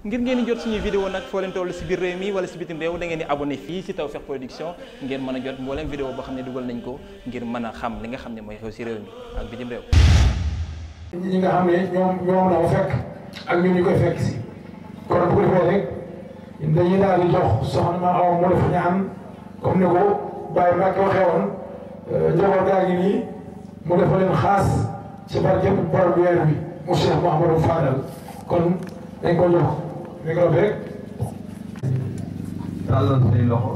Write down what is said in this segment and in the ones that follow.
ngir ngeen di jot suñuy vidéo nag foo leen toll si biir réew mi wala si bitim réew da ngeen di abonné fii si Tawfekh Production ngeen mën a jot mbooleem vidéo boo xam ne dugal nañ ko ngir mën a xam li nga xam ne mooy xew si réew mi nga xam ne ñoom ak ñun si kon bu ko defee rek dañuy ma aw mu def ñaan comme ni ko Baye euh, mu def kon dañ ko jox micro beeg. tàllal say loxo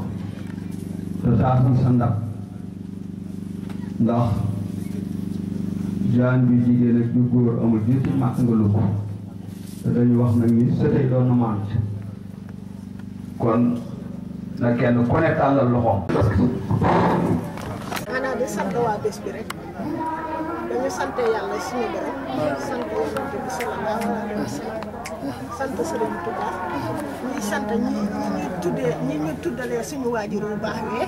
te taaxal sa ndab ndax jaan bi jigéen ak ju góor amul biir ci màkk nga wax nag ni sëtëy doon na maam kon na kenn ku ne tàllal loxoom. sant Sëriñ Tuuba ñuy sant ñi ñuy tuddee ñi ñu tuddalee suñu waajur bu baax wee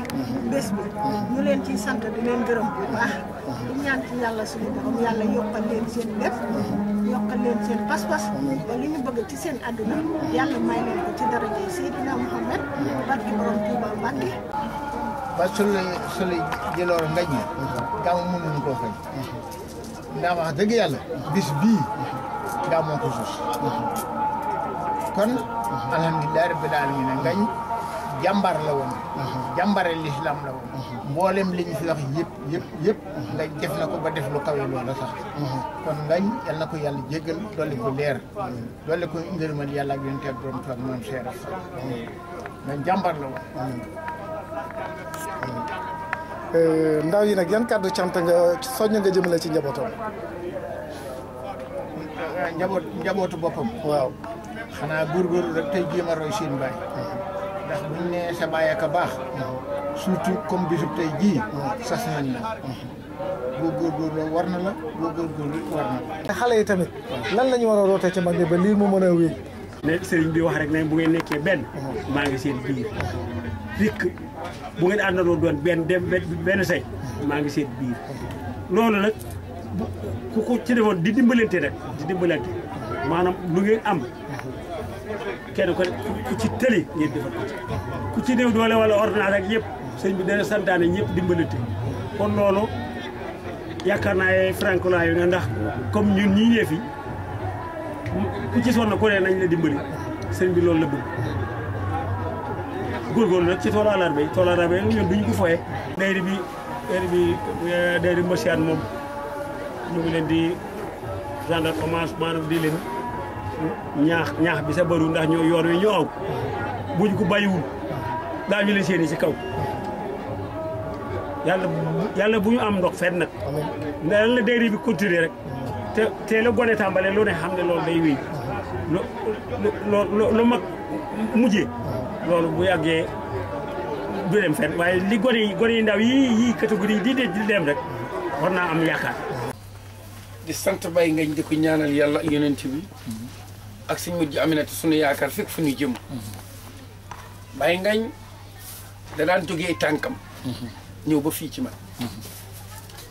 bés bi ñu leen ciy sant di leen gërëm bu baax di ñaan yàlla suñu borom yàlla yokkal leen seen lépp yokkal leen seen pas-pas ba li ñu bëgg ci seen àdduna yàlla may leen ko ci daraje Seydina Muhammad barki borom Tuuba Mbàkke ba sule sule jëloor ngaj yi gaaw mënuñu koo fay ndax wax dëgg yàlla bis bii gaaw moo ko sos kon alhamdulilah rabbil alamin ngañ jàmbar la woon jàmbare lislaam la woon mboolem li fi wax yëpp yëpp yëpp ngañ def na ko ba def lu kawe loola sax kon ngañ yal ko yàlla jéggal dolli leer dolli ko ngërëmal yàlla ak yonent ak ngañ jàmbar woon euh, ndaw yi nag yan kàddu cant nga soññ nga jëmale ci njabootam njaboot njabootu boppam waaw xanaa góorgóorlu rek tey jéem a roy seen baay ndax buñ nee sa baay a baax surtout comme bisub tey jii sas nañ la war na la boo war na la xale yi tamit lan lañu ñu war a rootee ci mag ñi ba lii mu mën a wéy ne sëriñ bi wax rek ne bu ngeen nekkee benn maa ngi seen biir rikk bu ngeen àndaloo doon benn dem benn say maa ngi seen biir loolu nag ku ko ci defoon di dimbalante rek di dimbalante maanaam lu am kenn ku ci tële ku ci néew doole wala ordonnance ak yëpp sëñ bi dana santaane ñëpp dimbalante kon loolu yaakaar naa yee francois yu ne ndax comme ñun ñii ñee fi ku ci sonn ku la dimbali sëñ bi loolu la bëgg góorgóorlu nag ci toolu àllarba yi toolu àllarba yi ñun duñ ko foyee. dayri bi dayri bi moom ñu ngi leen di rendre hommage maanaam di leen. ñaax ñaax bi sa bëru ndax ñoo yoon wi ñu aw buñ ko bàyyiwul daañu la séeni ci kaw yàlla bu ñu am ndox fenn nag ndax yàlla dayri bi continuer rek te te la gone tàmbalee lu ne xam ne loolu day wéy lu mag mujjee loolu bu yàggee du dem fenn waaye li gone yi gone yi ndaw yii yii catégorie di de di rek war naa am yaakaar di sant Baye Ngagne di ko ñaanal yàlla yonent bi ak suñ mujj Aminata suñu yaakaar fekk fu ñu jëm Baye Ngañ da daan jógee tànkam ñëw ba fii ci man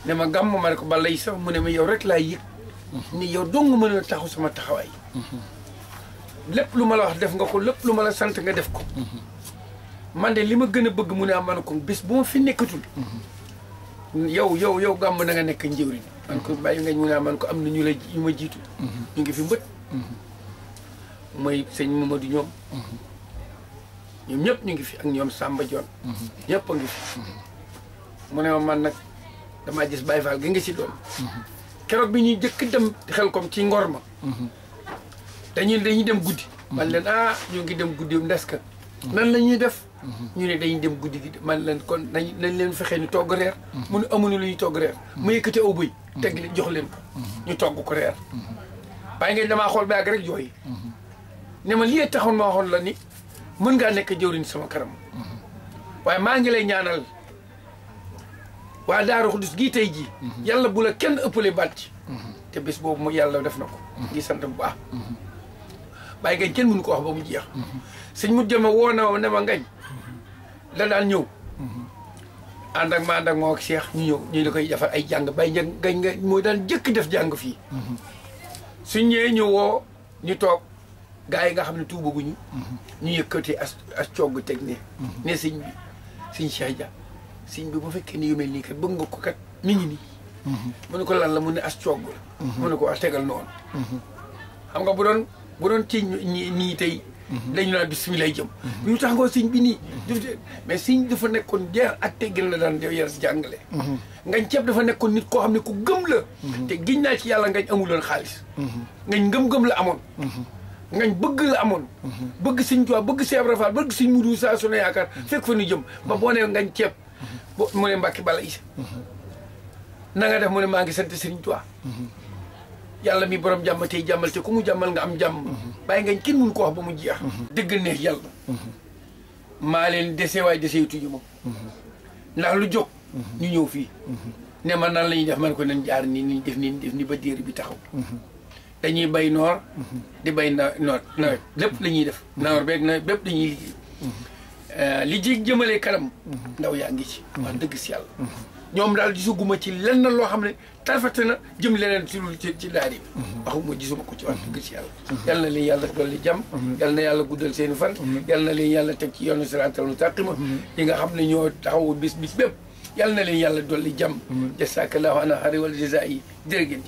ne ma gàmm ma ne ko balay sax mu ne ma yow rek laa yëg ni yow dong mën a taxaw sama taxawaay lépp lu ma la wax def nga ko lépp lu ma la sant nga def ko man de li ma gën a bëgg mu ne am man ko bés bu ma fi nekkatul yow yow yow gàmm na nga nekk njëwriñ man ko bàyyi ngañ mu ne am man ko am na ñu la ñu ma jiitu ñu ngi fi mbët mooy sëñ Mamadou ñoom ñoom ñëpp ñu ngi fi ak ñoom sàmba Dione ñëpp a ngi fi mu ne ma man nag damaa gis Baye Fall gi ngi si doon keroog bi ñuy jëkk dem xel kom ci ngor ma dañuy dañuy dem guddi man leen ah ñu dem guddi ndes nan la ñuy def ñu ne dañuy dem guddi gi man leen kon nañ nañ leen fexe ñu togg reer mu ne amuñu lu ñuy togg reer mu yëkkati aw bëy teg leen jox leen ko ñu togg ko reer bàyyi ngeen damaa xool ba ak rek jooy ne ma lii taxoon ma waxoon la ni mën ngaa nekk jëwriñ sama kanam waaye maa ngi lay ñaanal waa Daaru Xudus gii tey jii. yàlla bu la kenn ëppale baat te bés boobu mu yàlla def na ko. ngi sant bu baax. bàyyi ngañ kenn mënu ko wax ba mu jeex. sëñ mu woo na ma ne ma nga la daan ñëw. ànd ak ma ànd ak moo ak ñu ñëw ñu la koy defar ay jàng bay njëg ngañ nga mooy daan jëkk def jàng fii. suñ ñëwee ñu woo ñu toog. gaa yi nga xam ne tuuba bu ñu ñu yëkkati as as cogg teg ne ne sëñ bi sëñ Cheikh siñ bi bu fekkee ni yu mel kat bëgg nga ko kat mi ngi nii mu ne ko lan la mu ne as cogg mu ne ko a tegal noonu xam nga bu doon bu doon ci nii tey dañu naan bisimilah jëm ñu mhm. tax ngoo sëñ bi nii mhm. mais siñ dafa nekkoon jeex ak teggin la daan yar si jàngale mhm. ngañ ceeb dafa nekkoon nit koo xam ne ku gëm la te giñ naa ci yàlla ngañ amuloon xaalis ngañ ngëm-ngëm la amoon ngañ bëgg la amoon bëgg sëñ Tuubaa bëgg Seex Ibra Faal bëgg sëñ Mudu saa su ne yaakaar fekk fa ñu jëm ba boo nee ngañ ceeb mu ne Mbàkke bala isa na nga def mu ne maa ngi sant sëriñ Tuubaa yàlla mi borom jàmm tey jàmmal te ku mu jàmmal nga am jàmm bàyyi ngañ kin mënu ko wax ba mu jeex dëgg neex yàlla maa leen dese waaye dese yu tuñu moom ndax lu jóg ñu ñëw fii ne man nan la ñuy def man ko nañ jaar nii niñ def nii ba diir bi taxaw dañuy bay noor di bay noor nawet mm-hmm. lépp la ñuy def mm-hmm. noor beeg nawet bépp dañuy liggéey mm-hmm. euh, li ji jëmale kanam ndaw yaa ngi ci wax dëgg si yàlla ñoom daal gisuguma ci lenn loo xam ne tarfate na jëm leneen ci lu ci daadi yi waxuma gisuma ko ci wax dëgg si yàlla yal na leen yàlla dolli jàmm yal na yàlla guddal seen fan yal na leen yàlla teg ci yoonu siraatal mustaqiim yi nga xam ne ñoo taxawu bis bis bépp yàlla na leen yàlla dolli jàmm jazaakallaahu ana xari wal jazaa yi jërë ngeen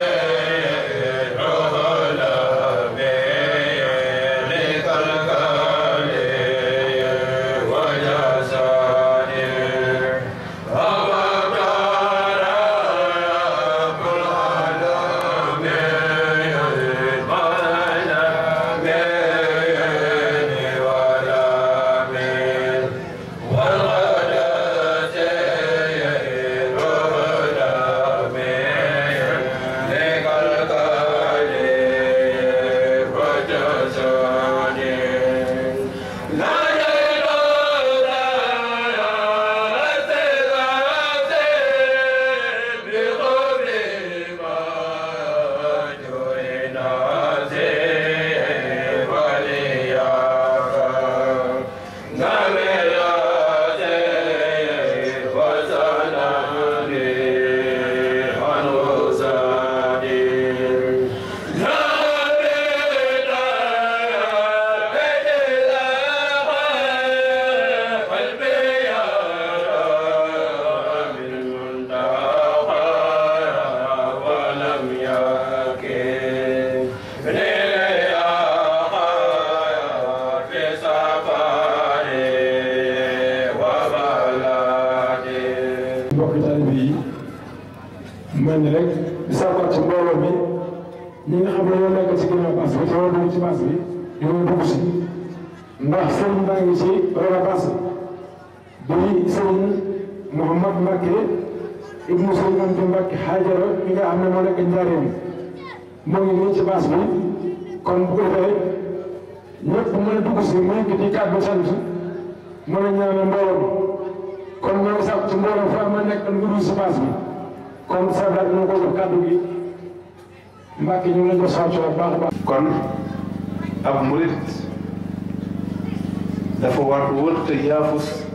Hey, hey, hey, oh, Ahmad Mbacké ibnu Suleymaan bi Mbacké Haajara mi nga xam ne moo nekk njaareem moo ngi nii ci bi kon bu ko defee ñëpp mën a dugg si mu nekk di kàddu sant mën kon ñoo bi kon Sabda dina kàddu gi Mbacké ñu ngi lay jox sa coono a baax. kon ab murit dafa war wër te yaafus.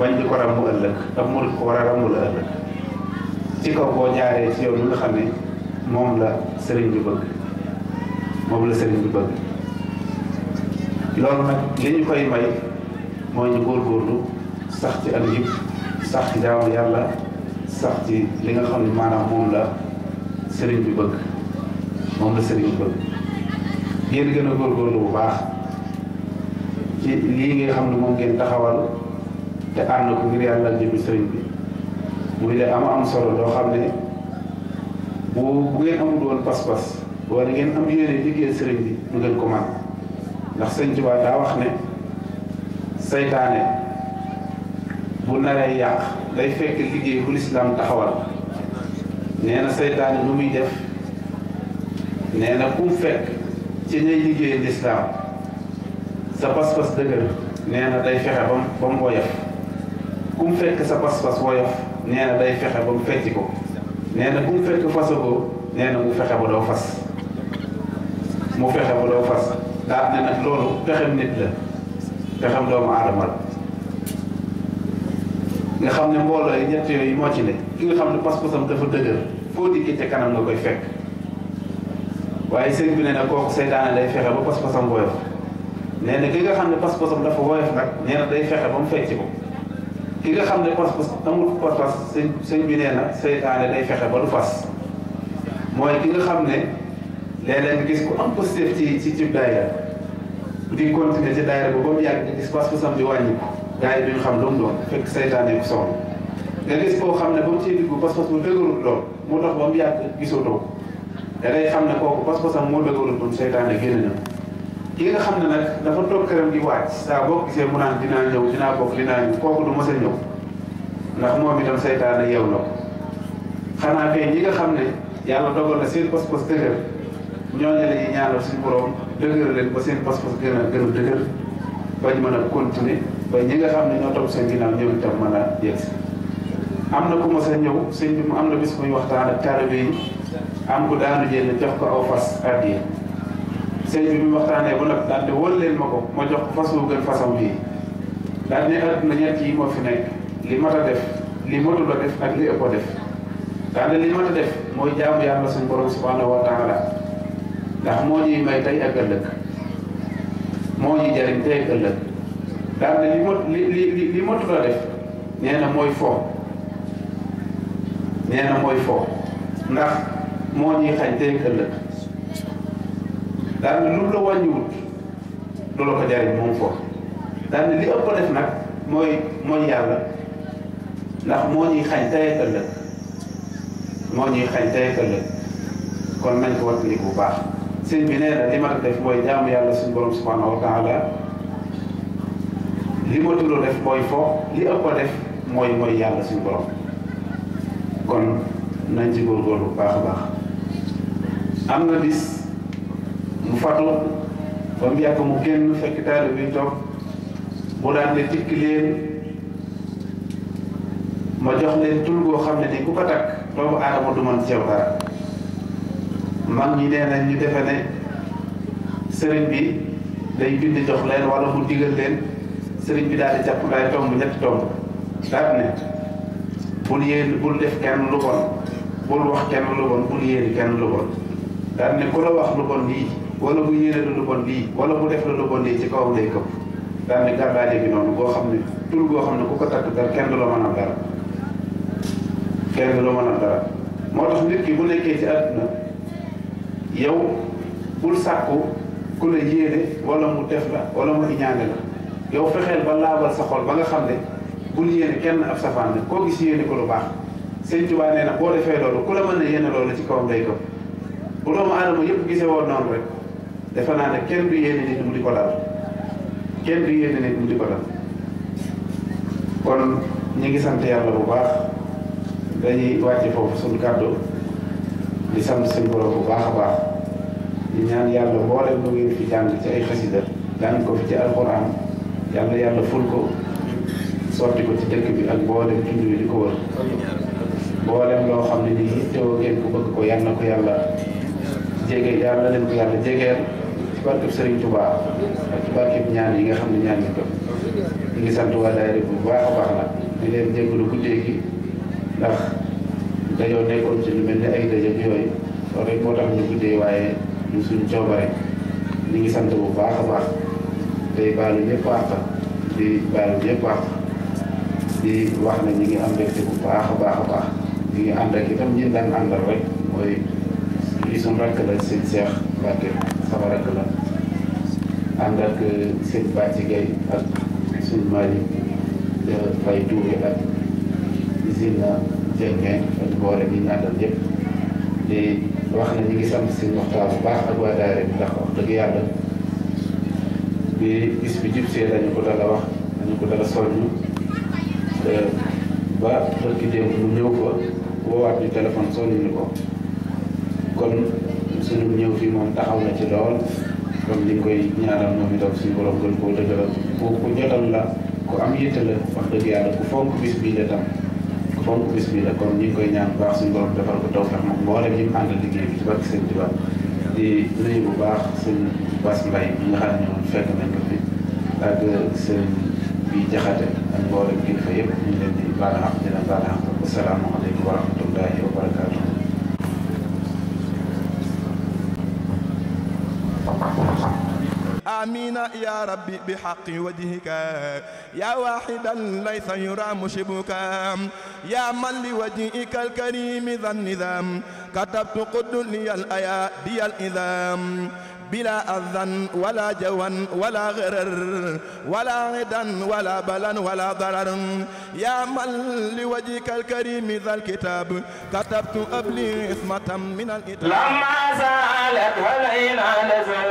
bañ di ko ràmbu ëllëg ab war a ràmbu la ëllëg ci kaw boo jaaree ci yow mi nga xam ne moom la sëriñ bi bëgg la sëriñ bi bëgg loolu nag li ñu koy may mooy ñu góorgóorlu sax ci ak yëpp sax ci jaamu yàlla sax ci li nga xam ne maanaam moom la sëriñ bi bëgg moom la sëriñ bi bëgg ngeen gën a góorgóorlu bu baax ci lii nga xam ne moom ngeen taxawal te aar na ko ngir yàlla jëmmi sëriñ bi muy de am am solo doo xam ne bu bu ngeen amul woon pas-pas wala ngeen am yéene liggéey sëriñ bi du ngeen ko man ndax sëñ Tuubaa daa wax ne saytaane bu naree yàq day fekk liggéey bu lislaam taxawal nee na saytaane lu muy def nee na ku fekk ci ñay liggéey lislaam sa pas-pas dëgër nee na day fexe ba mu ba mu ku mu fekk sa pas-pas woyof nee na day fexe ba mu fecci ko nee na ku mu fekk fasa ko nee na mu fexe ba doo fas mu fexe ba doo fas daal ne nag loolu bu nit la pexem doomu aadama la nga xam ne mbooloo yi moo ci ki nga xam ne pas-pasam dafa dëgër foo dikki te kanam nga koy fekk waaye sëriñ bi nee na kooku seytaane day fexe ba pas-pasam woyof nee na ki nga xam ne pas-pasam dafa woyof nag nee day fexe ba mu fecci ko ki nga xam ne pas-pas amul pas-pas sëñ sëñ bi nee na seytaane day fexe ba du fas mooy ki nga xam ne léeg-léeg gis ko am positif ci ci cib daayira di continuer ci daayira bu ba mu yàgg gis pas-pasam di wàññiku gars yi duñ xam lu mu doon fekk seytaane ku soxla nga gis koo xam ne ba mu ciy dugg pas-pas bu dëgërul lool mu tax ba mu yàgg gisatoo da ngay xam ne kooku pas-pasam moo dëgërul ba mu seytaane génn na ki nga xam ne nag dafa toog këram di waaj saa boo gisee mu naan dinaa ñëw dinaa bokk dinaa ñëw kooku du mos a ñëw ndax moom itam seytaane yeew na ko xanaa kay ñi nga xam ne yàlla dogal na seen pas-pas dëgër ñooñu la leen a gën a mën continuer ba nga xam ne ñoo topp seen ginnaaw ñëw itam mën a yegg am na ku mos a ñëw sëñ mu am na bis muy waxtaan ak taalibe yi am ku daanu jéem jox ko aw fas addiya sëñ bi ma waxtaanee ba nag daal di wol leen ma ko ma jox ko fas wu gën fasam bii daal ne àdduna yi moo fi nekk li mat a def li matul a def ak li ëpp a def daal li mat a def mooy jaamu yàlla suñ borom subhanahu wa taala ndax moo ñuy may tey ak ëllëg moo ñuy jariñ tey ëllëg daal ne li mot li li li matul a def nee mooy fo nee mooy fo ndax moo ñuy xañ tey ëllëg daal ni lu la wàññiwul loolu ko jariñ moom li ëpp def nag mooy mooy yàlla ndax moo ñuy xañ tey ak ëllëg moo ñuy xañ kon nañ ko wat ni bu baax sëñ bi nee na li ma mooy jaamu yàlla suñu borom subhanahu wa taala li ma tuddoo def mooy foofu li ëpp a def mooy mooy yàlla suñu borom kon nañ ci góorgóorlu baax baax am na bis mu fatu ba mu yàgg mu génn fekk taalibe bi toog mu daan ne tikki leen ma jox leen tul goo xam ne ni ku ko takk doomu aadama du man ceew dara mag ñi nee nañ ñu defe ne sëriñ bi day bind jox leen wala mu digal leen sëriñ bi daal di jàpp ngay tomb ñetti tomb daal ne bul yéen bul def kenn lu bon bul wax kenn lu bon bul yéen kenn lu bon daal ne ku la wax lu bon lii wala mu yéene lu bon lii wala bu def lu bon lii ci kawam day këpp daal di gàddaale bi noonu boo xam ne tul boo xam ne ko takk dara kenn du la mën a dara kenn du la mën a dara moo tax nit ki bu nekkee ci àdduna yow bul sàkku ku la yéene wala mu def la wala mu iñaane la yow fexeel ba laabal sa xol ba xam ne bul yéene kenn ab safaan la koo gis yéene ko lu baax Sëñ Tuubaa nee na boo defee loolu ku la mën a yéene loolu ci kawam day këpp bu doomu aadama yëpp gisee woon noonu defe naa ne kenn du yéene nit mu di ko dal kenn du yéene nit mu di ko dal kon ñi ngi sant yàlla bu baax dañuy wàcce foofu suñu kàddu di sant suñu borom bu baax a baax di ñaan yàlla mboolem lu ngeen fi jàng ci ay xasida jàng ko fi ci alxuraan yal yàlla ful ko sotti ko ci dëkk bi ak mboolem tund bi di ko wër mboolem loo xam ne nii yittewoo ngeen ko bëgg ko yàlla na ko yàlla jege yàlla na leen ko yàlla jegeel ci barkeb Serigne Touba ak ci barkeb ñaan yi nga xam ne ñaan ko ñu ngi sant waa bu baax a baax nag di leen jégalu guddee gi ndax dañoo nekkoon ci lu mel ni ay dajëb yooyu loolu rek moo tax ñu guddee waaye ñu suñ coobare ñu ngi sant bu baax a baax tey baalu ñëpp wax di baalu ñëpp wax di wax ne ñu ngi am mbégte bu baax a baax a baax ñu ngi ànd ak itam ñi daan àndal rek mooy. suñu rakk la sëñ Cheikh Mbacke sama rakk la ànd ak sëñ Bàcci Gueye ak sëñ Mali Faye Touré ak Zina Dieng ak di wax na ñu ngi sant sëñ Moxtaar bu baax ak waa daayira bi bi bis bi jub see dañu ko dala wax dañu dala soññu ba fekk démb mu ñëw fa woowaat ñu téléphone soññu ñu kon suñu ñëw fii moom taxaw na ci lool kon ñu ngi koy ñaanal moom itam suñu borom gën koo dëgëral ku ku jotal la ku am yitte la wax dëgg yàlla ku fonk bis bii la tam ku fonk bis bii ñu ngi koy ñaan baax suñu borom defal ko taw tax mu mboolem ñu ànd liggéey bi ci barke seen tubaab di nuyu bu baax sëñ Bass Mbaye bi nga xam ne ñoom ko fi ak sëñ bi jaxate a xam dina baal a آمين يا ربي بحق وجهك يا واحدا ليس يرى مشبك يا من لوجهك الكريم ذا النظام كتبت قد لي الأيادي الإذام بلا أذى ولا جوى ولا غرر ولا عدا ولا بلا ولا ضرر يا من لوجهك الكريم ذا الكتاب كتبت أبلي إثمة من الإتاب لما زالت ولينا نزل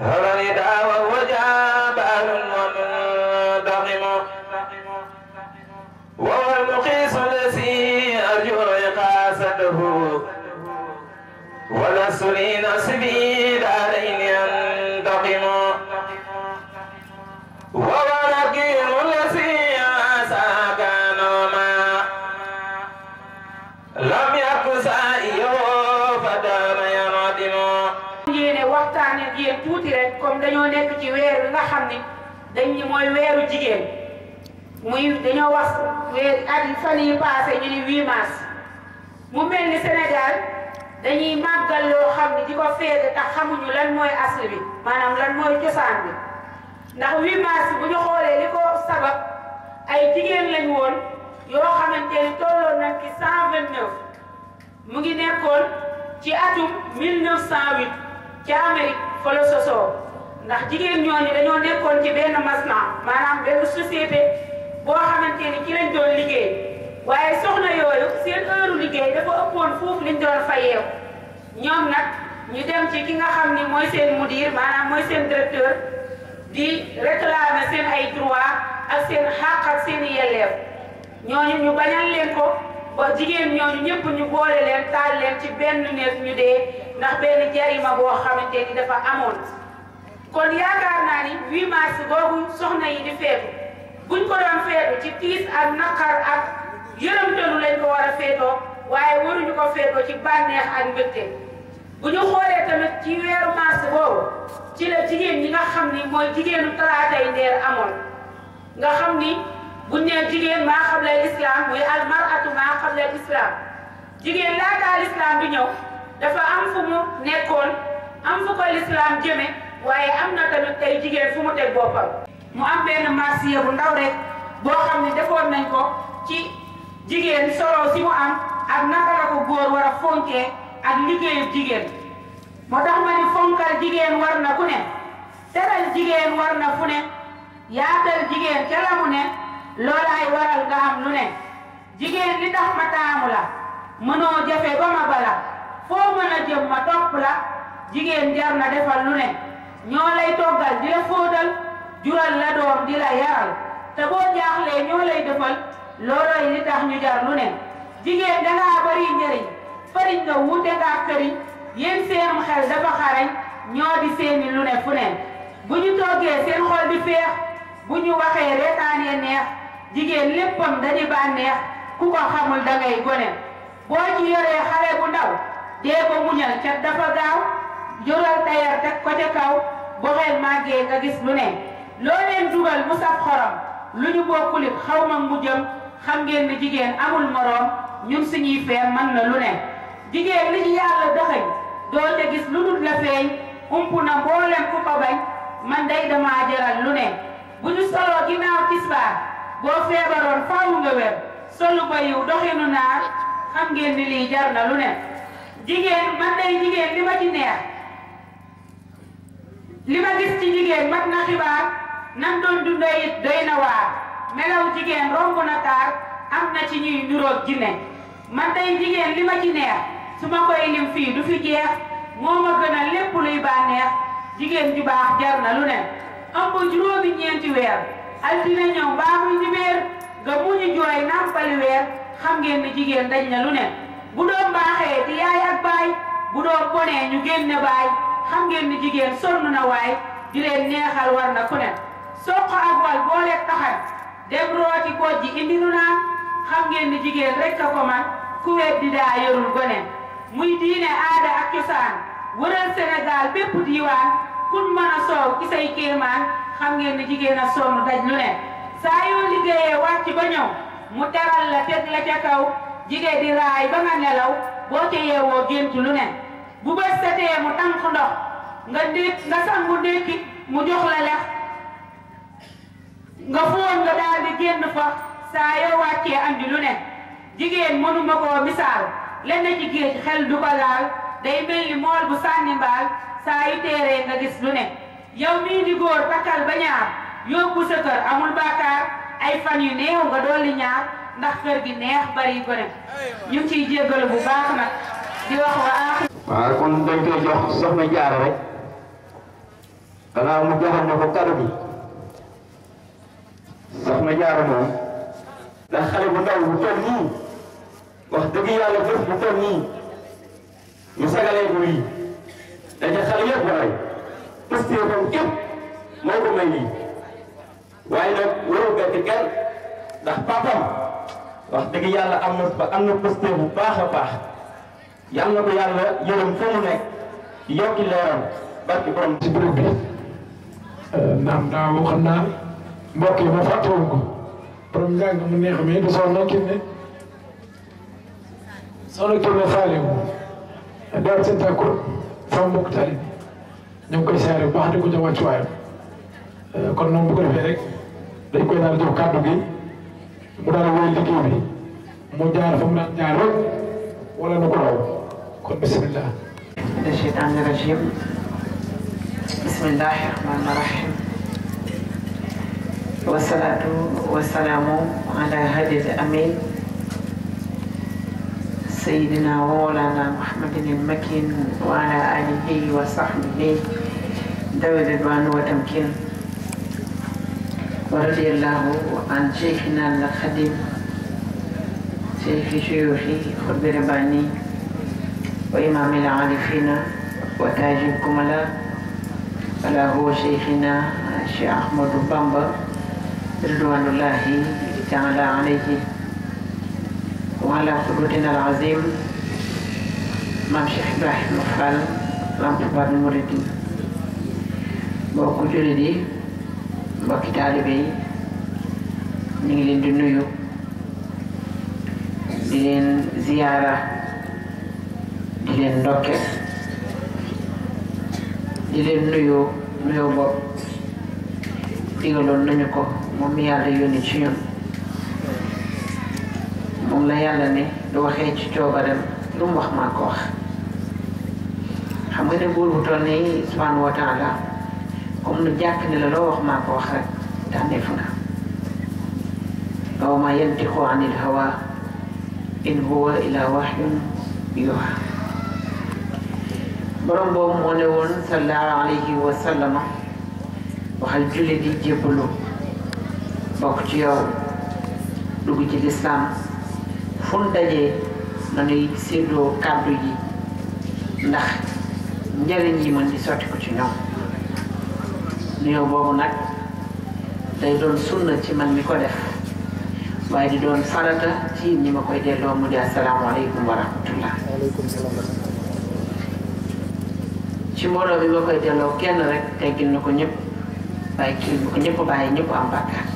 هل نداء وجاء بأهل ومنتقم وهو المقيس الذي أرجو إقاسته ولست لي نصبي mooy weeru jigéen muy dañoo wax weer at fan yi passé ñu ni 8 mu mel ni Sénégal dañuy màggal loo xam ne di ko feete tax xamuñu lan mooy asl bi maanaam lan mooy cosaan bi ndax 8 mars bu ñu xoolee li ko sabab ay jigéen lañ woon yoo xamante ni tolloon nañ ci 129 mu ngi nekkoon ci atum 1908 ci Amérique fa la sosoo ndax jigéen ñooñu dañoo nekkoon ci benn masma maanaam benn société boo xamante ni ci lañ doon liggéey waaye soxna yooyu seen heure liggéey dafa ëppoon foofu liñ doon fayeew ñoom nag ñu dem ci ki nga xam ni mooy seen mudir maanaam mooy seen directeur di réclamer seen ay droit ak seen xàq seen i ñooñu ñu bañal leen ko jigéen ñooñu ñëpp ñu boole leen taal leen ci benn neef ñu dee ndax benn jarima boo xamante ni dafa amoon kon yaakaar naa ni 8 mars boobu soxna yi di feetu buñ ko daan feetu ci tiis ak naqar ak yërëmtalu lañ ko war a feetoo waaye waruñu ko feetoo ci bànneex ak mbégte bu ñu xoolee tamit ci weeru mars boobu ci la jigéen ñi nga xam ni mooy jigéenu talaatay ndeer amoon nga xam ni buñ nee jigéen maa xam lay islam muy almaratu maa xam lay islam jigéen laataa lislaam bi ñëw dafa am fu mu nekkoon am fu ko lislaam jëme waaye am na tamit tey jigéen fu mu teg boppam mu am benn marsiya bu ndaw rek boo xam ne defoon nañ ko ci jigéen solo si mu am ak naka la góor war a fonkee ak liggéeyub jigéen moo tax ma ni fonkal jigéen war na ku ne teral jigéen war na fu ne yaatal jigéen ca la mu ne loolaay waral nga am lu ne jigéen li tax ma taamu la mënoo jafe ba ma bala foo mën a jëm ma topp la jigéen jar na defal lu ne ñoo lay toggal di la fóotal jural la doom di la yaral te boo jaaxlee ñoo lay defal loolooy li tax ñu jar lu ne jigéen dangaa bari njëriñ fariñ nga wuute ngaa këriñ yéen seenum xel dafa xarañ ñoo di seeni lu ne fu ne bu ñu toggee seen xol di feex bu ñu waxee reetaanee neex jigéen léppam dañu bànneex ku ko xamul dangay gone boo ci yoree xale bu ndaw dee ko muñal ca dafa gaaw jural tayar teg ko ca kaw bu xel màggee nga gis lu ne loo leen dugal mu saf xorom lu ñu bokkulit xaw ma mu jëm xam ngeen ne jigéen amul moroom ñun suñuy feem mën na lu ne jigéen li ñu yàlla dëxëñ doo te gis lu dul la feeñ ump na mboolem ku ko bañ man day damaa jaral lu ne bu ñu soloo ginnaaw tisbaar boo feebaroon faaw nga wér solu ba yiw doxinu naar xam ngeen lii jar na lu ne jigéen man day jigéen li ma ci neex li ma gis ci jigéen mat na xibaar nam doon dundee it doy na waar melaw jigéen romb na taar am na ci ñuy nuroog jinne man tey jigéen li ma ci neex su ma koy lim fii du fi jeex moo gën a lépp luy bànneex jigéen ju baax jar na lu ne ëmb juróomi ñeenti weer altine ñëw baaxuy dibéer nga muñu jooy nàmpali weer xam ngeen jigéen dañ na lu ne bu doom baaxee di yaay baay bu doom bonee ñu génne baay xam ngeen ni jigéen sonn na waay di leen neexal war na ku soo soq ak wal boo leen taxal dem rooti koo indi nu naa xam ngeen ni jigéen rek a ko man ku di daa yorul gone muy diine aada ak cosaan wëral Sénégal bépp diiwaan kun mën a soow ki say kéemaan xam ngeen ni jigéen a sonn daj lu ne saa yoo liggéeyee wàcc ba ñëw mu teral la teg la ca kaw jigéen di raay ba nga nelaw boo ca yewoo gént lu ne bu bës setee mu tànk ndox nga déet nga sangu dékki mu jox la lex nga foon nga daal génn fa saa yoo wàccee andi lu ne jigéen mënuma koo misaal lenn ci géej xel du ko laal day mel ni mool bu sànni mbaal saa yu teeree nga gis lu ne yow mii di takkal ba ñaar yóbbu sa kër amul baakaar ay fan yu néew nga dolli ñaar ndax kër gi neex bari ko ne ñu ciy jéggalu bu baax nag di wax wa waaw kon dañ koy jox soxna jaara rek danaa mu joxoon na ko kàddu soxna jaara moom ndax xale bu ndaw bu nii wax dëgg yàlla bés bu toll nii ñu sagalee ko lii dañu xale yëpp waay pëstéefam moo ko may lii waaye nag waru papam wax dëgg yàlla am na am na pëstéef bu baax a baax yal na ko yàlla yërëm fa mu nekk yokki leeram barki borom ci béréb bi euh, naam daaw xam naa mbokk yi ma fàttewoon ko borom mu neex mi di soxna Kine soxna Kine Saliou daal seen tàkku sama mbokk tali ñu ngi koy saare bu baax di ko jox wàccuwaayam euh, kon noonu bu ko defee rek dañ koy daal jox kàddu gi mu daal wéy liggéey bi mu jaar fa mu daan jaar rek wala nu ko raw kon bismillah mina sheytaani rajim bismillahi rahmaani rahim wasalaatu wasalaamu ala hadil amin سيدنا ومولانا محمد المكين وعلى آله وصحبه ذوي الرضوان والتمكين ورضي الله عن شيخنا الخديم شيخ شيوخي خبر باني وإمام العارفين وتاج الكملاء فلا هو شيخنا الشيخ أحمد بامبا رضوان الله تعالى عليه وعلى قدوتنا العظيم maam Cheikh Ibrahima Fall Lamp Baabul Muridiin mbokku jullit yi mbokki taalibe yi ñu ngi leen di nuyu di leen ziyaara di leen ndokkeel di leen nuyoo nuyoo bopp digaloon nañu ko moom yàlla yónni ci ñun moom la yàlla ne lu waxee ci coobareem lu mu wax maa ko wax xam nga ne buur bu toll nii subhanahu wa comme nu jàkk ne la loo wax maa ko wax rek tànneef nga wa ma yantiqu anil hawa in huwa illa wahyun yuha borom boobu moo ne woon sallallahu alayhi wa sallama waxal jullit yi jébbalu bokk ci yow dugg ci lislaam fun dajee nanuy séddoo kàddu yi ndax njëriñ yi mën di sotti ko ci ñoom nuyoo boobu nag day doon sunna ci man mi ko def waaye di doon farata ci ñu ma koy delloo mu di asalaamaaleykum wa rahmatullah ci mbooloo bi boo koy delloo kenn rek teggil na ko ñëpp waaye kii bu ko ñëpp bàyyi ñëpp am bàkkaar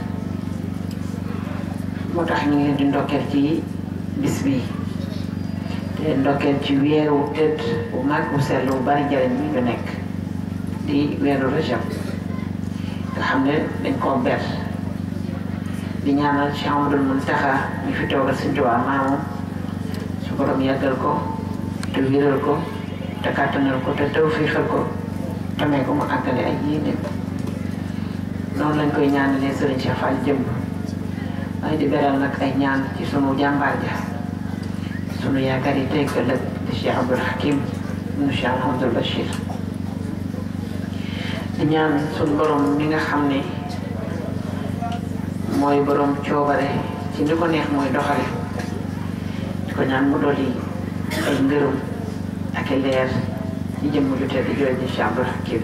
moo tax ñu ngi di ndokkeel ci bis bii te ndokkeel ci weeru tëdd bu mag bu sell bu bari njariñ bi ñu nekk di weeru rajab nga xam ne dañ koo ber di ñaanal Cheikh Amadou Mountakha ñu fi toogal suñu maamu su borom yàggal ko te wéral ko te kàttanal ko te tawfiixal ko te may ko mu àggale ay yéene noonu lañ koy ñaanalee Serigne Cheikh Fall jëm ay di beral nag ay ñaan ci sunu jàmbaar ja sunu yaakaar yi tey ëllëg di Cheikh Abdoul Hakim ibnu Cheikh Mouhamadoul ñaan sunu borom mi nga xam ne mooy borom coobare ci ni ko neex mooy doxale di ko ñaan mu dolli ay ngërëm ak leer ci jëmm ju tedd jooju Cheikh Abdoul Hakim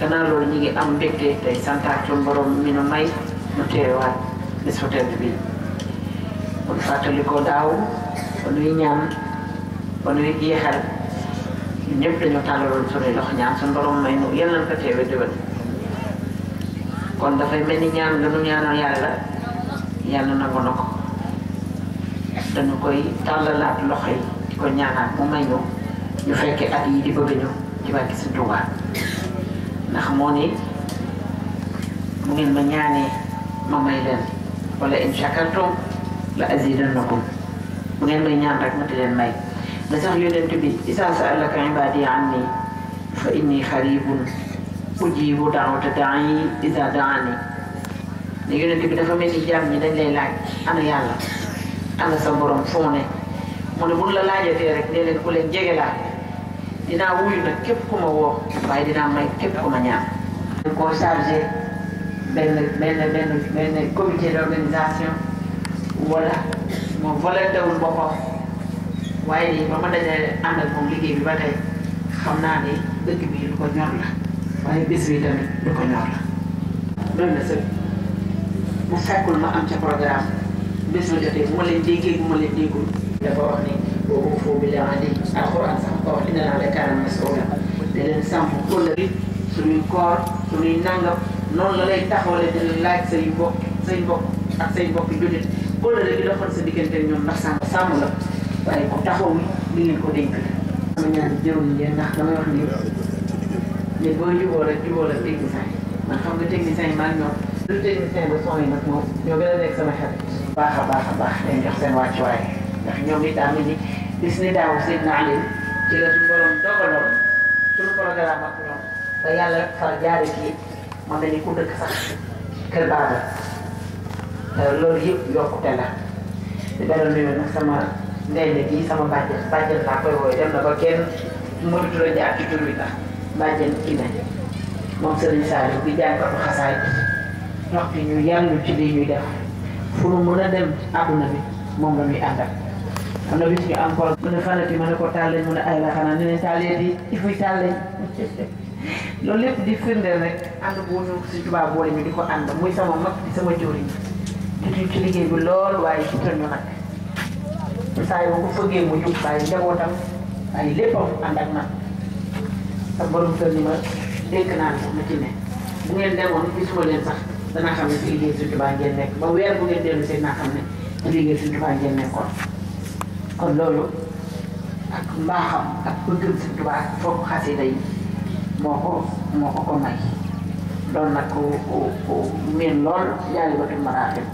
gannaaw loolu ngi am mbégte tey santaat suñu borom mi nu may nu teewaat bis fu tedd bi kon fàttalikoo daaw ba nuy ñaan ba nuy jeexal ñun ñëpp dañoo su suñuy loxo ñaan suñu borom may nu ko teewee déwén kon dafay mel ni ñaan gënu ñaanal yàlla yàlla nangu na ko dañu koy tàllalaat loxo yi ko ñaanal mu may ñu ñu fekk at yi di bëgg ñu ci barke Sëñ Tuubaa ndax moo ne mu ngeen ma ñaanee ma may leen wala in shakartum la azidannakum mu ngeen may ñaan rek ma di leen may da sax yonent bi isaa sa'alaka ibaadi anni fa inni xaribun ujibu daawata daa'i isaa daani ne yonent dafa mel ni jaam ñi dañ lay laaj ana yàlla ana sa borom foo ne mu ne buñ la laajatee rek nee leen ku leen jege laa dinaa wuyu képp ku ma woo waaye dinaa may képp ku ma ñaan. dañ koo chargé benn benn benn benn comité d'organisation wala moom volonté wul boppam waaye nii ba ma dajee ànd ak moom liggéey bi ba tey xam naa ne dëkk bi lu ko ñor la waaye bés bi tamit lu ko ñor la. loolu la sëñ mu fekkul ma am ca programme bés ma jotee bu ma leen déggee bu ma leen déggul. dafa wax ni boobu foofu bi la andi alxuraan sax ko wax dina la kaana masuula da leen sàmm kóllëre bi suñuy koor suñuy nangam la lay taxawale dina laaj say mbokk say mbokk ak say mbokk jullit kóllëre bi doxal sa diggante ñoom ndax sàmm sàmm la waaye ku taxaw li ngeen ko dénk la sama ñaan jëwuñ leen ndax damay wax ni ne boo juboo rek juboo la technicien yi man xam nga technicien yi maa ñoom lu technicien ba son yi nag moom ñoo gën a nekk sama xel baax a baax a baax dañ jox seen wàccuwaay ndax ñoom itamit ni bis ni daaw Seydina Ali ci la suñu borom dogaloon suñu programme ak ñoom ba yàlla far jaare kii moom dañuy ku dëkk sax kër baaba loolu yëpp yokkute la di dalal nuyu nag sama ndeyla ji sama bàjjen bàjjen laa koy wooye dem na ba kenn mënatu la jaar ci tur bi ndax kii na moom Serigne Saliou bi jàng ko xasaay ndox bi ñu yàllu ci lii ñuy def fu mu mën a dem àdduna bi moom la ñuy àndal am na bis ñu encore mu ne fanati ma ne ko taal leen mu ne ay la xanaa ne leen taal leen di fuy taal leen loolu lépp di firndeel rek ànd boo ñu si tubaab boole ñu di ko ànd muy sama mag di sama jëriñ di ci liggéey bi lool waaye ci tënnu nag saa yoo ko fëggee mu jub waaye njabootam waaye léppam ànd ak man sa borom kër ni ma dénk naa ne ma ci ne bu ngeen demoon gisuma leen sax danaa xam ne si liggéey suñu tubaab ngeen nekk ba weer bu ngeen dellu si naa xam ne si liggéey suñu tubaab ngeen nekkoon kon loolu ak mbaaxam ak bëggam Sëñ Tuubaa foog xasida yi moo ko moo ko ko may doon nag ku ku ku miin lool jaali ba tudd maraaxil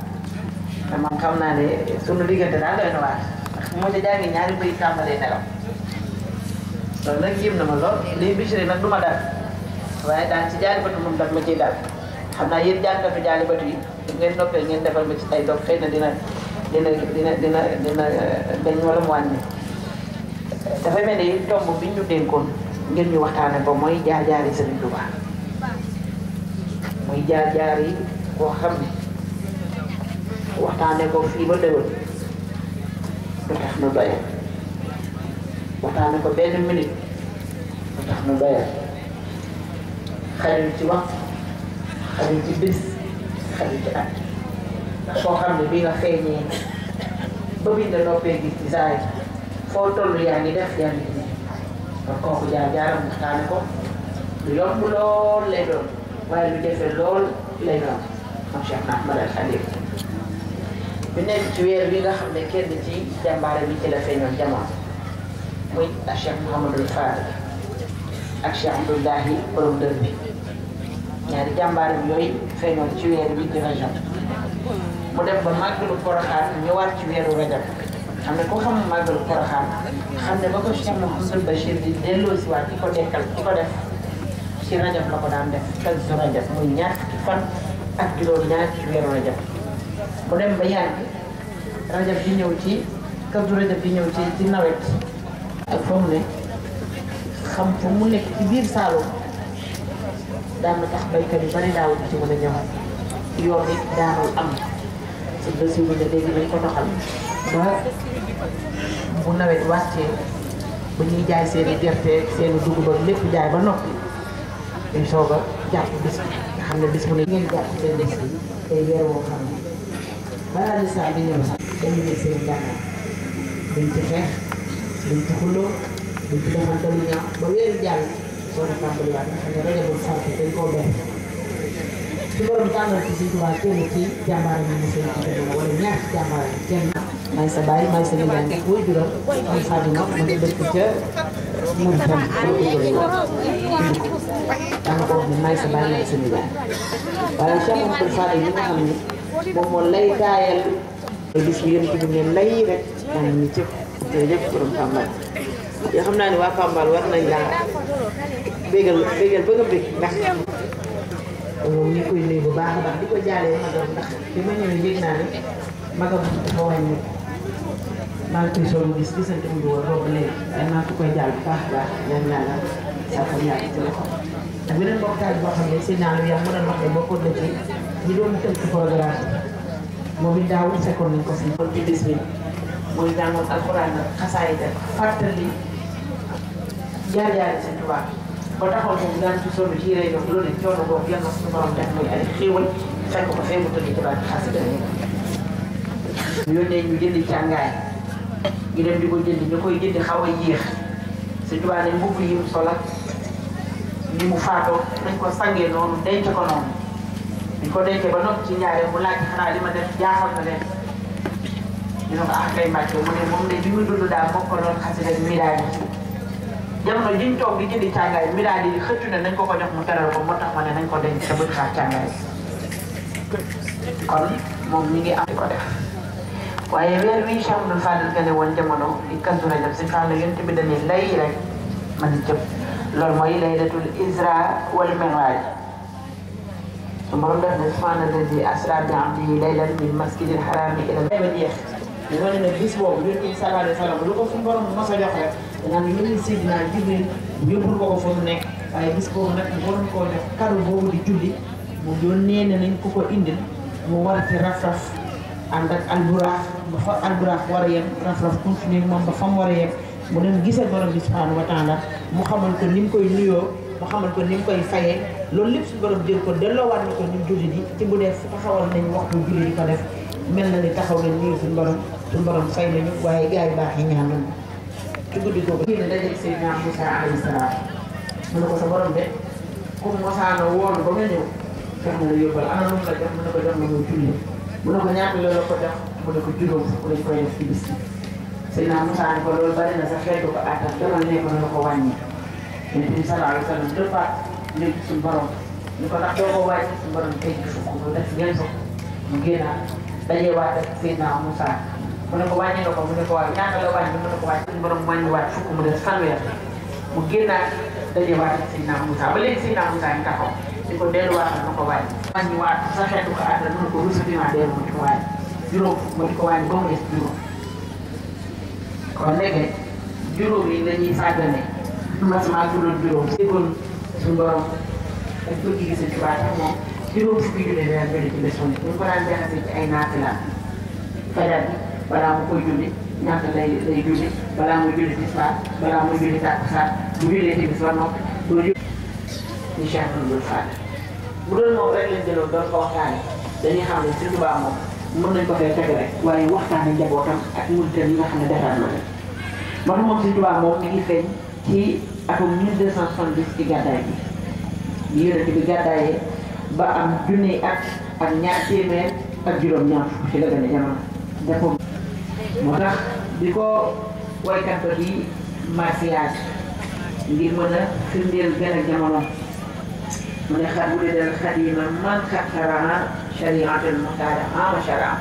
te man xam naa ne sunu diggante daal doy na waar ndax moo ca jàngi ñaari bay tàmbalee nelaw loolu nag yéem na ma lool liy bisiri nag du ma dal waaye daal ci jaali batu moom daf ma ciy dal xam naa yéen jàngatu jaali batu yi ngeen noppee ngeen defal ma ci ay dog xëy na dina dina dina dina dina dañ wala mu wàññi dafay mel ni tomb bi ñu dénkoon ngir ñu waxtaane ko mooy jaar-jaari Serigne Touba muy jaar-jaar yi koo xam ne waxtaane ko fii ba déwén du nu doyal waxtaane ko benn minute du tax nu doyal xajul ci waxtu xajul ci bis xajul ci at soo xam ne bi nga feeñee ba biñ la noppee gis ci saa yi foo ngi def yaa ngi nii kon kooku jaar jaaram waxtaane ko lu yomb lool lay doon waaye lool lay doon moom Cheikh Ahmad Al Khadim bi nekk ci weer bi nga xam ne kenn ci jàmbaare bi ci la feeñoon jamono muy ak Cheikh Mouhamadul Fadil ak Cheikh Abdoulahi borom dër bi ñaari jàmbaare bi yooyu feeñoon ci weer bi di mu dem ba màggalu Porokhane ñëwaat ci weeru rajab xam ne ku xam màggalu Porokhane xam ne ba ko Cheikh Mouhamadou Bachir di delloo si waat di ko dekkal di ko def ci rajab la ko daan def kal su rajab muy ñaar fukki ak juróom ñaar ci weeru rajab dem ba yàgg rajab bi ñëw ci kal bi ñëw ci ci nawet ak foofu ne xam fu mu nekk ci biir Saalum daan na tax baykat yu bari daawul ci mën a ñëw yoon daanul am sëñ Basiru ne léegi lañ ko doxal ba bu nawet wàccee ba ñuy jaay seeni gerte seeni i lépp jaay ba noppi ñu soog jàpp bis nga xam ne bis bu ne ngeen jàpp seen bis bi tey weer xam ne balaa lislaam bi ñëw sax dañu ci xeex dañ ci xuloo dañ ci defal dalu ñaaw ba weeru jàll soo ko tàmbaliwaat nga xam ne rajo bu fàtte dañ koo benn di borom tànnal ci suñu tubaab kenn ci jàmbaar yi ñu seen ci wala ñaar ci jàmbaar yi kenn maay sa baay maay sa nijaay ni booy juróom am xaadima ma nga dëkk ca mun tam danga ko wax ne maay sa baay maay sa nijaay waaye Cheikh Amadou Fadil yi nga xam ne moom moo lay taayal gis bi yéen ci ngeen lay rek danga ñu cëpp jërëjëf borom Pambal yoo xam naa ne waa Pambal war nañ laa bégal bégal ba nga bég ndax moom ñu koy nuyu bu baax baax di ko jaalee magam ndax bi ma ñëwee yëg naa ne magam dafa wàññi maa ngi koy soog gis gisante mu ngi baax a baax ñaan ñaanal saa ko ñaar ci loxo ak beneen boo xam ne seen naalu yaa mu doon wax ne bokkoon na ci moom it daawul fekkoon nañ ko fi kon ci bis bi mooy jàngoon alxuraan ak xasaayid ak fàttali jaar jaar ci tubaab ba taxoon moom daan ci sonn ci yére yi loolu coono boobu yàlla suñu borom def muy ay xéewal fekk ko fee mu tëdd ci baat xasida ñu yónnee ñu jëndi càngaay ñu dem di ko jënd ñu koy jënd xaw a yéex su Tuubaa ne mbubb yi mu sol ak ni mu faatoo dañ ko sangee noonu denc ko noonu dañ ko denc ba noppi ci ñaareel mu laaj xanaa li ma def jaaxal na ne mu ne moom ne bi mu dund daal bokk ko doon xasida mi daal jamono jiñ toog di jëndi càngaay mi xëccu ne nañ ko ko jox mu teral ko moo tax ma ne nañ ko denc te bëgg xaar càngaay kon moom mi ngi am di ko def waaye weer wii Cheikh Abdoul Fadil gane woon jamono di Kazu Rajab si fan la yonent bi dañuy mooy laylatul isra bi abdihi laylan min masjidil haraami ila. day ba jeex. li ma ko suñu borom mos a jox rek. naan yeneen Seydina Jibril yóbbul ko ko fa mu nekk waaye bis boobu nag waroon koo def karu boobu di julli mu yónnee ne nañ ko ko indi mu war ci raf-raf ànd ak alburaax ba fa alburaax war a yem raf-raf continuer moom ba fa war a yem mu dem gisal borom bi subhanahu wa taala mu xamal ko ni mu koy nuyoo mu xamal ko ni koy faye loolu lépp su borom jël ko delloowaat na ko ni julli di ci bu dee fu taxawal nañ waxtu julli di ko def mel na ni taxaw nañ nii suñu borom suñu borom fay nañu waaye gars yi baax yi ci guddi googu génn dajeeg Seydina Moussa alayhi salaam mu ne ko sa borom de comme Moussa noo woolu ba nga ñëw jox na la yóbbal ana lu mu la jox mu ne ko jox na muy julli mu ne ko ñaata la ko jox mu ne ko juróom fu lañ koy def ci bis bi Seydina Moussa ne ko loolu bari na sax xeetu ko àttan demal ne ko na ko wàññi yéen bi sallallahu alayhi wa sallam dëppaat léegi suñu borom ñu ko ndax doo ko wàññi suñu borom tey gisu ko mu def ngeen ko mu génnaat dajeewaat ak Seydina Moussa mu ne ko wàññi nga ko mu ne ko waaye ñaata la wàññi mu ne ko waaye suñu borom wàññiwaat fukk mu des fanweer mu génnaat dajewaat ak Seydina Moussa ba léegi Seydina Moussa ñu taxaw di ko delluwaat na ko wàññi. wàññiwaat sa xeetu ko àddal mu ne ko ruus bi ma dellu mu di ko wàññi juróom fukk mu di ko wàññi ba mu des juróom kon léegi juróom yi dañuy sàggane ma sama tuloon juróom déggoon suñu borom ak bëgg gi sëñ Tuubaa tax moom juróom fukki junne daan bëri ci bés bu ne ñu ko daan jaxase ci ay naafila fajar bi balaa mu koy julli ñaata lay lay julli balaa muy julli tisbaar balaa muy julli takkusaan bu jullee timis ba noppi doo julli incha allah bu doon moom rek lañ jëloon doon ko waxtaane dañuy xam ne Sëñ Tuubaa moom mën nañ ko fee teg rek waaye waxtaane njabootam ak muritam yi nga xam ne defar na leen man moom Sëñ Tuubaa moom mi ngi feeñ ci atum 1270 ci gàddaay bi yonent bi gàddaayee ba am junni at ak ñaar téeméer ak juróom-ñaar fukk ci la gën a jamono jàppoon moo tax di ko woykat ba di marsiyaat ngir mën a firndeel gën a jamono mu ne xar bu dee dal xadima man xattarana shariatul muxtaara ama sharaa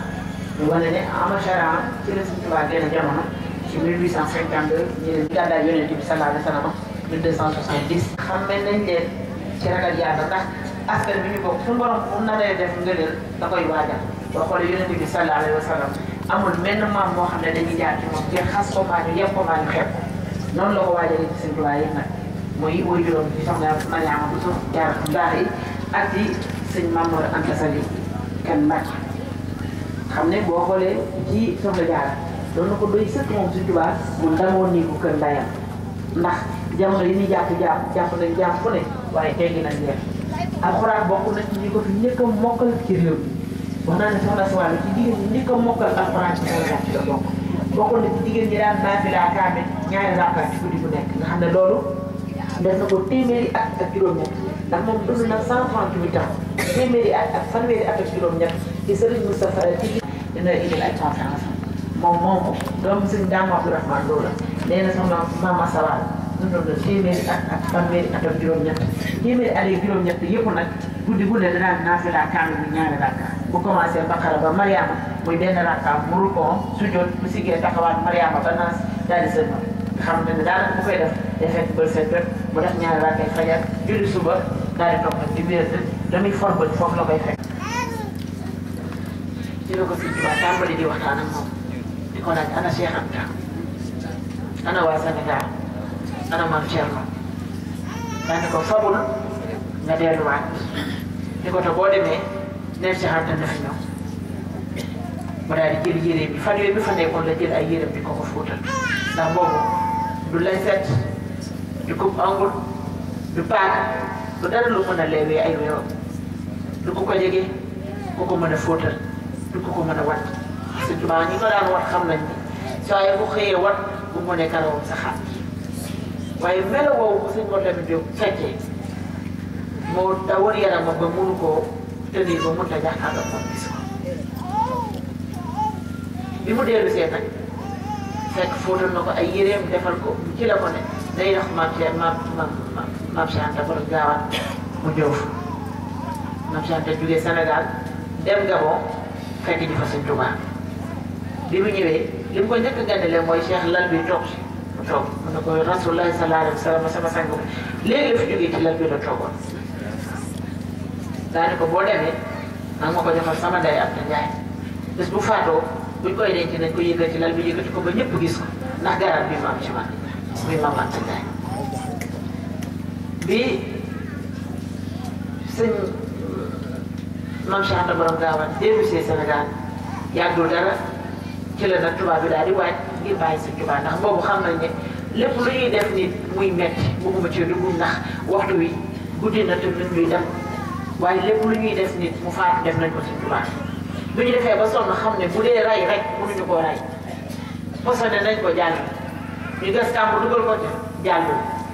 ñu wane ne ama sharaa ci la suñu tubaab gën a jamono ci 1852 ñu ne gàddaay yonent bi sallallahu alayhi wa sallam 1270 xam nañ leen ci ragal yàlla ndax askan bi ñu bokk suñu borom bu naree def ngëneel da koy waajal boo xoolee yonent bi sallallahu alayhi wa amul menn maam moo xam ne dañuy jaar ci moom kenn xas ko mbaa ñu yeb ko mbaa ñu xeeb ko noonu la ko waajalee ci seen tubaab yi nag mooy woy juróom bi soxna Mariama bu suuf jaar ndax yi ak di sëñ Mamour Anta Sali kenn mbàcc xam ne boo xoolee ci soxna jaar doon na ko doy sëkk moom suñ tubaab mu ndamoon bu kër ndayam ndax jamono yi ñuy jàpp jàpp jàpp nañ jàpp fu ne waaye teggi nañ leen alxuraan bokk na ci ñi ko fi ñëkk a mokkal ci réew mi wax naa ne soxna si ci jigéen ñi njëkk a mokkal alxuraan ci Sénégal ci la bokk bokkoon na ci jigéen ñi daan naa fi laa kaame ñaari raakaat ci guddi bu nekk nga xam ne loolu na ko téeméeri at ak juróom-ñett ndax moom dund na cent trente-huit ans téeméeri at ak fanweeri at ak juróom-ñett ci Sëriñ Moustapha yëpp nag guddi bu laa kaame bu commencé Bakara ba Mariama muy benn rakkaam mu rukoon sujjóot bu siggee taxawaat Mariama ba daal di xam ne daanaka bu koy def day fekk jot mu def ñaari rakkay fajar julli suba daal di toog di wér damuy forbët ko fi jubaat di waxtaan ak moom di ko laaj ana Cheikh Anta ana waa Sénégal ana Mame ko fabul nga delluwaat di ko te boo demee neen si ànd na ñoom mu daal jël yére bi fan yooyu bi fa nekkoon la jël ay yére bi ko ko fóotal ndax boobu du lay set du coupe ongle du paaka du dara lu mën a leewee ay weewam du ko ko jege ku ko mën a fóotal du ko ko mën a wat surtout maa ñi ko daan wat xam nañ ni saa yi bu xëyee wat bu mu ne karawam sa xam waaye melo woowu ko suñ ko tamit yow fekkee moo da war yaramam ba mënu koo te lii boo mënut a jàkkaarloo moom gis ko bi mu dellu see nag fekk fóotal na ko ay yéreem defal ko ci la ko ne day dox maam Cheikh maam maam maam Cheikh Anta borom gaawaan mu ñëw fa maam Cheikh fa Sëñ Tuubaa bi mu ñëwee li mu ko njëkk a mooy Cheikh lal bi toog mu toog mu ne ko Rasulullaahi sallallaahu alayhi wa sallam sama sang léegi la fi jógee ci lal bi la toogoon. daane ko boo demee nag ma ko joxal sama day am na njaay bés bu faatoo buñ koy denc nañ ko yëkkati lal bi yëkkati ko ba ñëpp gis ko ndax garab bi ma am ci man muy maam Anta Njaay bi sëñ maam Cheikh Anta borom gaawan dellu see Sénégal yàggul dara ci la tubaab bi daal di waaj ngir bàyyi sëñ tubaab ndax boobu xam nañ ne lépp lu ñuy def nit muy metti bëgguma ci dugg ndax waxtu wi guddi na te ñun ñuy dem waaye lépp lu ñuy def nit mu faatu def nañ ko ci tubaab bu ñu defee ba sonn xam ne bu dee rey rek mënuñu koo rey posone nañ ko jàll ñu gas kàmb dugal ko ca jàll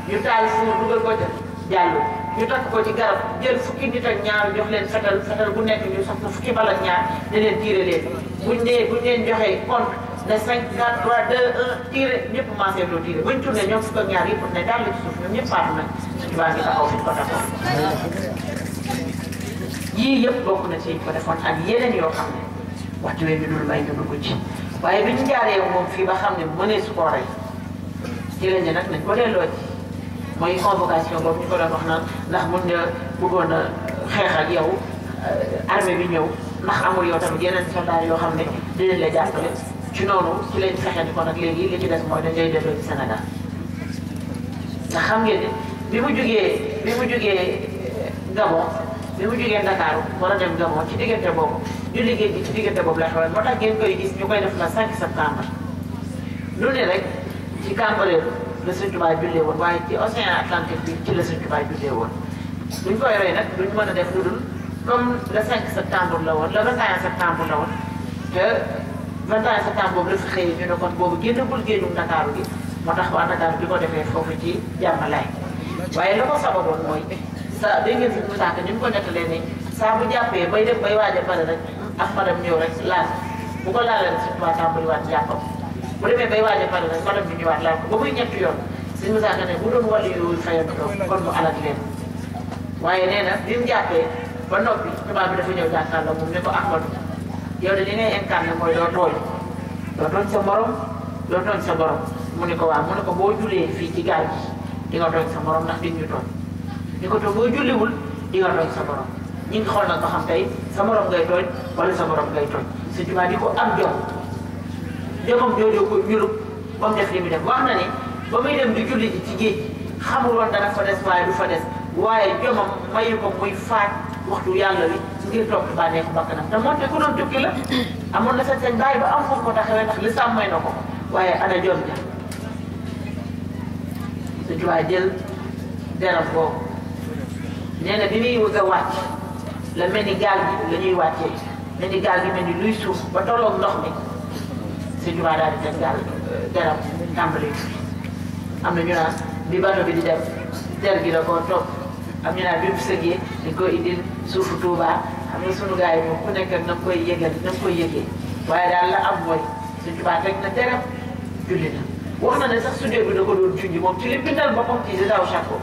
ñu taal fuur dugal ko ca jàll ñu takk ko ci garab jël fukki nit ak ñaar jox leen fetal fetal bu nekk ñu sax fukki bal ak ñaar ne leen tiire leen buñ nee buñ leen joxee compte ne 5 4 3 2 1 tiire ñëpp commencé loo tiire buñ tourné ñoom fukk ak ñaar yëpp ne daal la ci suuf ñoom ñëpp faatu nag suñu baa ngi taxaw fi ko taxaw yii yëpp bokk na ci ko defoon ak yeneen yoo xam ne waxtu wi ñu may ñu dugg ci waaye bi ñu jaaree moom fii ba xam ne mënees koo rey ci lañ ne nag nañ ko delloo ci mooy convocation boobu ñu ndax mun nga bëggoon a xeex yow euh, armée bi ñëw ndax amul yow tamit yeneen yoo xam ne dinañ la ci noonu ci lañ fexe ni ko nag léegi li ci des mooy dañ lay delloo xam ngeen ne bi mu jugee bi mu jugee euh, Gabon. bi mu jógee Ndakaaru war a dem Gabon ci diggante boobu ñu liggéey bi ci diggante boobu la xewal moo tax ngeen koy gis ñu koy def la 5 septembre. lu ne rek ci Cambérène la Sëñ Tuubaa jullee woon waaye ci Océan Atlantique bi ci la Sëñ Tuubaa jullee woon buñ koy roy nag duñ mën a def lu dul comme le 5 septembre la woon le 21 septembre la woon te 21 septembre boobu la fi xëy ñu ne kon boobu génnagul génnu Ndakaaru gi moo tax bi ko defee foofu ci jàmmalaay waaye la saa dégg ngeen suñu saako ni mu ko nettalee nii saa bu jàppee bay dem bay waaj pare rek ak param ñëw rek laal bu ko laalee rek suñu waa tàmbaliwaat jàppam bu demee a pare rek param bi ñëwaat yoon suñu saako ne bu doon wàllu yooyu waaye nee na bi mu ba noppi tubaab bi dafa ñëw jàkkaarloo moom ne ko Ahmadu yow de li ngay incarné sa morom doo tooñ sa mu ne ko waaw mu ko boo julee fii ci gaal gi di nga tooñ sa ni ko toog boo julliwul di nga tooñ sa borom ñi ngi xool nag ba xam tey sa borom ngay tooñ wala sa borom ngay tooñ su jumaa di ko am jom jomam jooju ko ñulub ba mu def li mu woon dana fa des fa des waaye jomam mayu ko muy faaj waxtu yàlla wi ngir toog di bànneeku bakkanam te moonte ku doon tukki la amoon na sa sañ bàyyi ba am foofu ko taxawee ndax lislaam may na ko waaye a jom ja su jumaa jël deram boobu nee na bi muy wëgg a la mel ni gaal gi la ñuy wàccee mel ni gaal gi mel ni luy suuf ba tolloog ndox mi sëñ Tuubaa daal di bi bato bi di dem der gi ko topp bi mu sëggee ko indil suufu Tuubaa xam nga sunu gars yi moom ku nekk na koy yëgal na koy yëgee waaye daal la am mooy sëñ Tuubaa teg na deram julli na wax na ne sax su dégg da ko doon junj moom ci li bindal boppam ci Zaw Chako.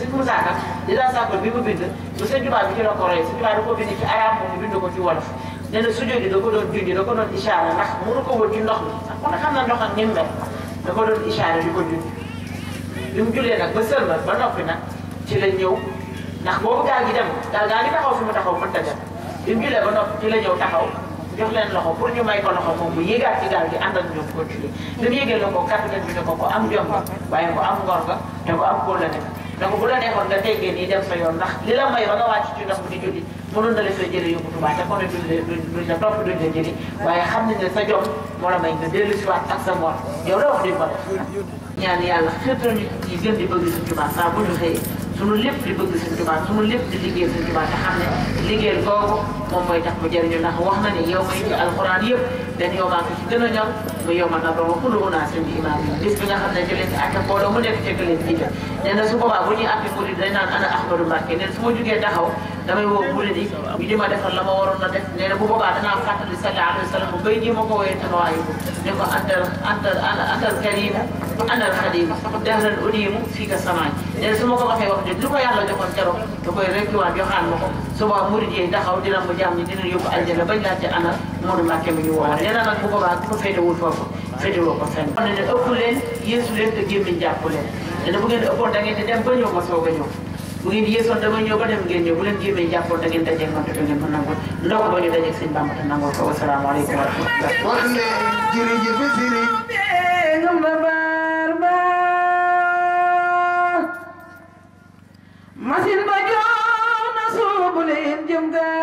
suñ ko mosaan nag dèjà Sakkoor bi mu bind bu sëñ Tuubaa bi ci la ko roy sëñ Tuubaa da ko bind ci arab moom bind ko ci wolof nee na sujjóot yi da doon junj da ko doon ishaara ndax mënu ko wër ci ndox mi ndax ku ne xam na ndox ak ni mu mel doon ishaara di ko junj bi mu jullee nag ba sëlmal ba noppi nag ci la ñëw ndax boobu gaal gi dem gaal gaal gi taxaw fi mu taxaw o dem bi mu jullee ba noppi ci la ñëw taxaw jox leen loxo pour ñu may ko loxo moom mu yéegaat ci gaal gi ànd ak ñoom mu ko capitaine bi ne ko ko am donc bu la neexoon nga teggee nii dem sa yoon ndax li la may ba nga ci ndox mi di julli mënoon na la fee jëlee yóbbu Tuubaa te kon duñ la duñ la topp duñ la jëli waaye xam nañ ne sa jom moo la may nga dellu si waat ak sa mbool yow wax di ko def ñaan yàlla xëttal ci gën di bëgg suñu Tuubaa saa bu ñu xëyee sunu lépp di bëgg Sëñ Tuubaa lépp di liggéey Sëñ Tuubaa te xam ne liggéeyal googu moom mooy tax mu jëriñu ndax wax na ne yow may ci alxuraan yëpp dañ yow maa ko ci gën a ñor ba yow ma nag ba kullu unaasin bi imaamihim nga xam ne ci leen si àtte mbooloo mu nekk fekk leen jiite nee na su boobaa bu ñuy àtte murid dañ ana Ahmadou Mbacké nee su ma jugee taxaw damay woo murid ma defal la ma waroon na def nee na bu boobaa danaa fàttali sallallahu alayhi wa sallam bu béy jéem ko wéyal sama waayu ne ko samaan nee na su ma ko waxee wax dëgg da koy dina mu jàmm ñi dina bañ laajte ana Moodu Mbàkke mi ñu woo nee na nag bu boobaa ku ko féetewul ne ne jàpp leen te bu ngeen ëppoon da dem ba ma soog a bu ngeen yéesoon dama ñëw ba dem ngeen ñëw bu leen jéemee jàppoon da ngeen dajeeg man te ngeen ko nangoo ndox ba ñu dajeeg sëñ Bamba te nangoo ko wasalaamaaleykum wa rahmatulah. wax ne jërëjëf Serigne. masin ba jox na suubu leen jëm gaar